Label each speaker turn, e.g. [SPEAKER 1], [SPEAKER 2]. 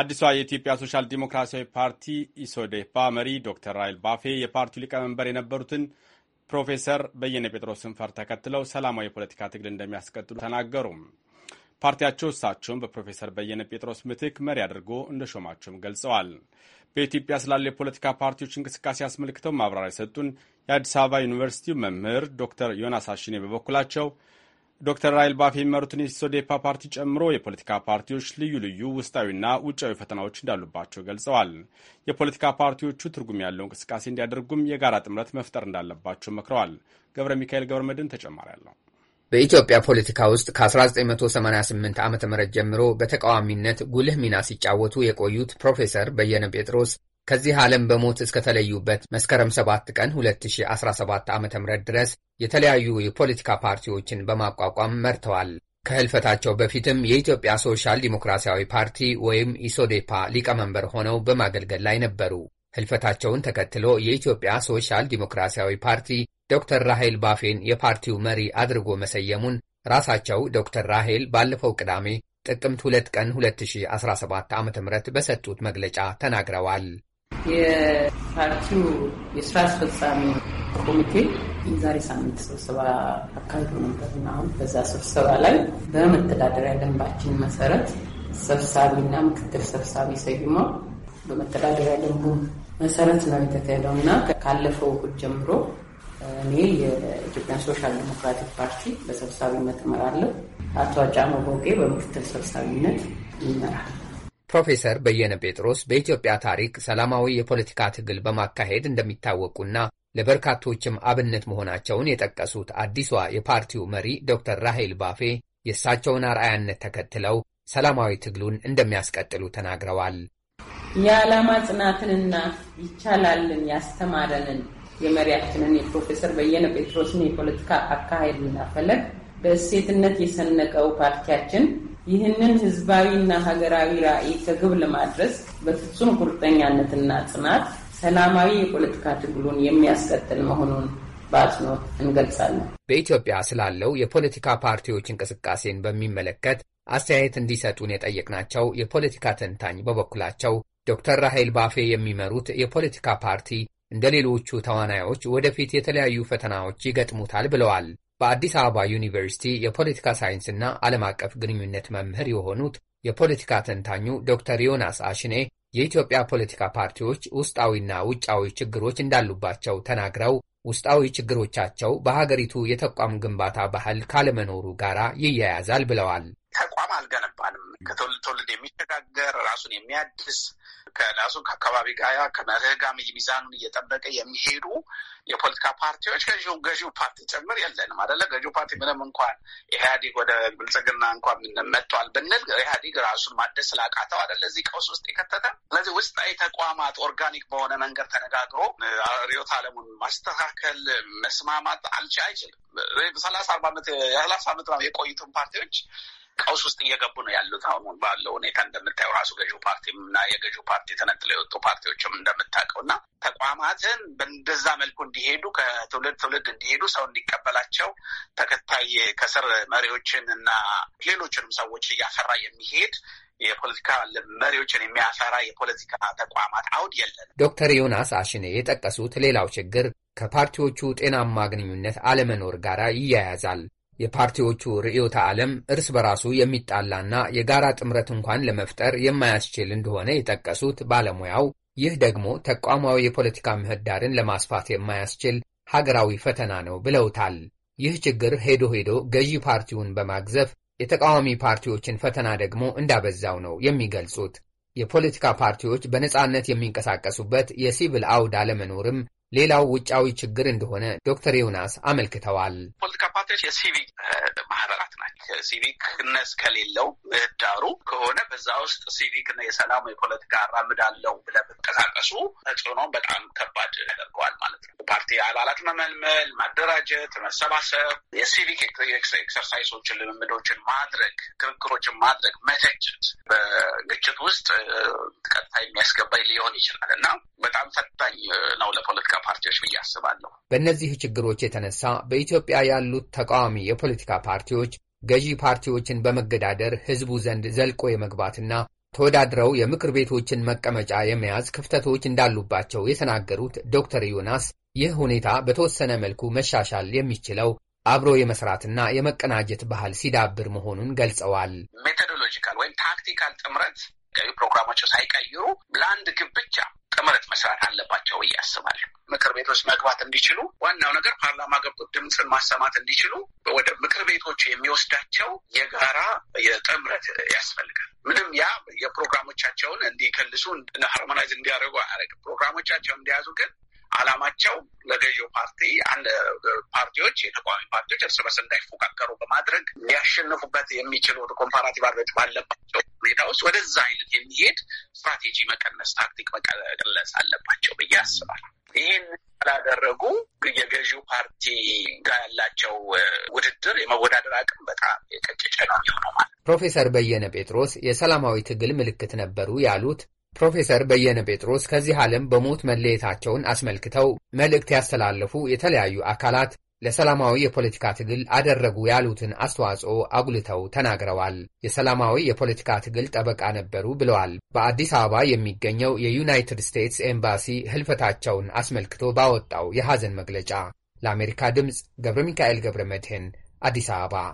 [SPEAKER 1] አዲሷ የኢትዮጵያ ሶሻል ዲሞክራሲያዊ ፓርቲ ኢሶዴፓ መሪ ዶክተር ራይል ባፌ የፓርቲው ሊቀመንበር የነበሩትን ፕሮፌሰር በየነ ጴጥሮስን ፈር ተከትለው ሰላማዊ የፖለቲካ ትግል እንደሚያስቀጥሉ ተናገሩ። ፓርቲያቸው እሳቸውም በፕሮፌሰር በየነ ጴጥሮስ ምትክ መሪ አድርጎ እንደሾማቸውም ገልጸዋል። በኢትዮጵያ ስላሉ የፖለቲካ ፓርቲዎች እንቅስቃሴ አስመልክተው ማብራሪያ የሰጡን የአዲስ አበባ ዩኒቨርሲቲው መምህር ዶክተር ዮናስ አሽኔ በበኩላቸው ዶክተር ራይል ባፌ የሚመሩትን የሶዴፓ ፓርቲ ጨምሮ የፖለቲካ ፓርቲዎች ልዩ ልዩ ውስጣዊና ውጫዊ ፈተናዎች እንዳሉባቸው ገልጸዋል። የፖለቲካ ፓርቲዎቹ ትርጉም ያለው እንቅስቃሴ እንዲያደርጉም የጋራ ጥምረት መፍጠር እንዳለባቸው መክረዋል። ገብረ ሚካኤል ገብረ መድን ተጨማሪ ያለው
[SPEAKER 2] በኢትዮጵያ ፖለቲካ ውስጥ ከ1988 ዓ ም ጀምሮ በተቃዋሚነት ጉልህ ሚና ሲጫወቱ የቆዩት ፕሮፌሰር በየነ ጴጥሮስ ከዚህ ዓለም በሞት እስከተለዩበት መስከረም 7 ቀን 2017 ዓ ም ድረስ የተለያዩ የፖለቲካ ፓርቲዎችን በማቋቋም መርተዋል። ከህልፈታቸው በፊትም የኢትዮጵያ ሶሻል ዲሞክራሲያዊ ፓርቲ ወይም ኢሶዴፓ ሊቀመንበር ሆነው በማገልገል ላይ ነበሩ። ህልፈታቸውን ተከትሎ የኢትዮጵያ ሶሻል ዲሞክራሲያዊ ፓርቲ ዶክተር ራሄል ባፌን የፓርቲው መሪ አድርጎ መሰየሙን ራሳቸው ዶክተር ራሄል ባለፈው ቅዳሜ ጥቅምት 2 ቀን 2017 ዓ ም በሰጡት መግለጫ ተናግረዋል።
[SPEAKER 3] የፓርቲው የስራ አስፈጻሚ ኮሚቴ የዛሬ ሳምንት ስብሰባ አካሂዶ ነበርና አሁን በዛ ስብሰባ ላይ በመተዳደሪያ ደንባችን መሰረት ሰብሳቢና ምክትል ሰብሳቢ ሰይሞ በመተዳደሪያ ደንቡ መሰረት ነው የተካሄደው እና ካለፈው እሑድ ጀምሮ እኔ የኢትዮጵያ ሶሻል ዲሞክራቲክ ፓርቲ በሰብሳቢነት እመራለሁ። አቶ አጫሞ ቦጌ በምክትል ሰብሳቢነት ይመራል።
[SPEAKER 2] ፕሮፌሰር በየነ ጴጥሮስ በኢትዮጵያ ታሪክ ሰላማዊ የፖለቲካ ትግል በማካሄድ እንደሚታወቁና ለበርካቶችም አብነት መሆናቸውን የጠቀሱት አዲሷ የፓርቲው መሪ ዶክተር ራሄል ባፌ የእሳቸውን አርአያነት ተከትለው ሰላማዊ ትግሉን እንደሚያስቀጥሉ ተናግረዋል።
[SPEAKER 3] የዓላማ ጽናትንና ይቻላልን ያስተማረንን የመሪያችንን የፕሮፌሰር በየነ ጴጥሮስን የፖለቲካ አካሄድና ፈለግ በእሴትነት የሰነቀው ፓርቲያችን ይህንን ህዝባዊና ሀገራዊ ራዕይ ከግብ ለማድረስ በፍጹም ቁርጠኛነትና ጽናት ሰላማዊ የፖለቲካ ትግሉን የሚያስቀጥል መሆኑን በአጽንኦት እንገልጻለን። በኢትዮጵያ ስላለው የፖለቲካ
[SPEAKER 2] ፓርቲዎች እንቅስቃሴን በሚመለከት አስተያየት እንዲሰጡን የጠየቅናቸው የፖለቲካ ተንታኝ በበኩላቸው ዶክተር ራሄል ባፌ የሚመሩት የፖለቲካ ፓርቲ እንደ ሌሎቹ ተዋናዮች ወደፊት የተለያዩ ፈተናዎች ይገጥሙታል ብለዋል። በአዲስ አበባ ዩኒቨርሲቲ የፖለቲካ ሳይንስና ዓለም አቀፍ ግንኙነት መምህር የሆኑት የፖለቲካ ተንታኙ ዶክተር ዮናስ አሽኔ የኢትዮጵያ ፖለቲካ ፓርቲዎች ውስጣዊና ውጫዊ ችግሮች እንዳሉባቸው ተናግረው ውስጣዊ ችግሮቻቸው በሀገሪቱ የተቋም ግንባታ ባህል ካለመኖሩ ጋር ይያያዛል ብለዋል።
[SPEAKER 1] አልገነባንም። ከትውልድ ትውልድ የሚሸጋገር ራሱን የሚያድስ ከራሱ ከአካባቢ ጋር ከመርህ ጋር ሚዛኑን እየጠበቀ የሚሄዱ የፖለቲካ ፓርቲዎች ገዢው ገዢው ፓርቲ ጭምር የለንም አደለ። ገዢው ፓርቲ ምንም እንኳን ኢህአዴግ ወደ ብልጽግና እንኳን መጥቷል ብንል ኢህአዴግ ራሱን ማደስ ስላቃተው አደለ እዚህ ቀውስ ውስጥ የከተተ። ስለዚህ ውስጣዊ ተቋማት ኦርጋኒክ በሆነ መንገድ ተነጋግሮ ርዕዮተ ዓለሙን ማስተካከል መስማማት አልቻ አይችልም። ሰላሳ አርባ ዓመት የቆዩትን ፓርቲዎች ቀውስ ውስጥ እየገቡ ነው ያሉት። አሁን ባለው ሁኔታ እንደምታየው ራሱ ገዢው ፓርቲም እና የገዢው ፓርቲ ተነጥለው የወጡ ፓርቲዎችም እንደምታውቀው እና ተቋማትን በእንደዛ መልኩ እንዲሄዱ ከትውልድ ትውልድ እንዲሄዱ ሰው እንዲቀበላቸው ተከታይ ከስር መሪዎችን እና ሌሎችንም ሰዎች እያፈራ የሚሄድ የፖለቲካ መሪዎችን የሚያፈራ የፖለቲካ
[SPEAKER 2] ተቋማት አውድ የለን። ዶክተር ዮናስ አሽኔ የጠቀሱት ሌላው ችግር ከፓርቲዎቹ ጤናማ ግንኙነት አለመኖር ጋር ይያያዛል። የፓርቲዎቹ ርዕዮተ ዓለም እርስ በራሱ የሚጣላና የጋራ ጥምረት እንኳን ለመፍጠር የማያስችል እንደሆነ የጠቀሱት ባለሙያው ይህ ደግሞ ተቋማዊ የፖለቲካ ምህዳርን ለማስፋት የማያስችል ሀገራዊ ፈተና ነው ብለውታል። ይህ ችግር ሄዶ ሄዶ ገዢ ፓርቲውን በማግዘፍ የተቃዋሚ ፓርቲዎችን ፈተና ደግሞ እንዳበዛው ነው የሚገልጹት። የፖለቲካ ፓርቲዎች በነጻነት የሚንቀሳቀሱበት የሲቪል አውድ አለመኖርም ሌላው ውጫዊ ችግር እንደሆነ ዶክተር ዮናስ አመልክተዋል። ዲሞክራሲ
[SPEAKER 1] የሲቪክ ማህበራት ናቸው። ሲቪክነስ ከሌለው ምህዳሩ ከሆነ በዛ ውስጥ እና የሰላም የፖለቲካ አራምድ አለው ብለህ ብትንቀሳቀሱ ተጽዕኖም በጣም ከባድ ያደርገዋል ማለት ነው። ፓርቲ አባላት መመልመል፣ ማደራጀት፣ መሰባሰብ፣ የሲቪክ ኤክሰርሳይሶችን ልምምዶችን ማድረግ፣ ክርክሮችን ማድረግ፣ መተችት በግጭት ውስጥ ቀጥታ የሚያስገባኝ ሊሆን ይችላል እና በጣም ፈታኝ ነው ለፖለቲካ ፓርቲዎች ብዬ አስባለሁ።
[SPEAKER 2] በእነዚህ ችግሮች የተነሳ በኢትዮጵያ ያሉት ተቃዋሚ የፖለቲካ ፓርቲዎች ገዢ ፓርቲዎችን በመገዳደር ህዝቡ ዘንድ ዘልቆ የመግባትና ተወዳድረው የምክር ቤቶችን መቀመጫ የመያዝ ክፍተቶች እንዳሉባቸው የተናገሩት ዶክተር ዮናስ ይህ ሁኔታ በተወሰነ መልኩ መሻሻል የሚችለው አብሮ የመስራትና የመቀናጀት ባህል ሲዳብር መሆኑን ገልጸዋል።
[SPEAKER 1] ሜቶዶሎጂካል ወይም ታክቲካል ጥምረት ገቢ ሳይቀይሩ ለአንድ ግብ ብቻ ጥምረት መስራት አለባቸው ብዬ አስባለሁ። ምክር ቤቶች መግባት እንዲችሉ ዋናው ነገር ፓርላማ ገብቶ ድምፅን ማሰማት እንዲችሉ ወደ ምክር ቤቶቹ የሚወስዳቸው የጋራ የጥምረት ያስፈልጋል። ምንም ያ የፕሮግራሞቻቸውን እንዲከልሱ ሃርሞናይዝ እንዲያደርጉ አያደርግም። ፕሮግራሞቻቸውን እንዲያዙ ግን አላማቸው ለገዢው ፓርቲ አንድ ፓርቲዎች የተቃዋሚ ፓርቲዎች እርስ በርስ እንዳይፎካከሩ በማድረግ ሊያሸንፉበት የሚችሉ ኮምፓራቲቭ አድረጅ ባለባቸው ሁኔታ ውስጥ ወደዛ አይነት የሚሄድ ስትራቴጂ መቀነስ፣ ታክቲክ መቀለስ አለባቸው ብዬ አስባል። ይህን ካላደረጉ የገዢው ፓርቲ ጋር ያላቸው ውድድር የመወዳደር አቅም በጣም የቀጨጨ
[SPEAKER 2] ነው የሚሆነው ማለት ፕሮፌሰር በየነ ጴጥሮስ የሰላማዊ ትግል ምልክት ነበሩ ያሉት ፕሮፌሰር በየነ ጴጥሮስ ከዚህ ዓለም በሞት መለየታቸውን አስመልክተው መልእክት ያስተላለፉ የተለያዩ አካላት ለሰላማዊ የፖለቲካ ትግል አደረጉ ያሉትን አስተዋጽኦ አጉልተው ተናግረዋል። የሰላማዊ የፖለቲካ ትግል ጠበቃ ነበሩ ብለዋል። በአዲስ አበባ የሚገኘው የዩናይትድ ስቴትስ ኤምባሲ ህልፈታቸውን አስመልክቶ ባወጣው የሐዘን መግለጫ ለአሜሪካ ድምፅ ገብረ ሚካኤል ገብረ መድህን አዲስ አበባ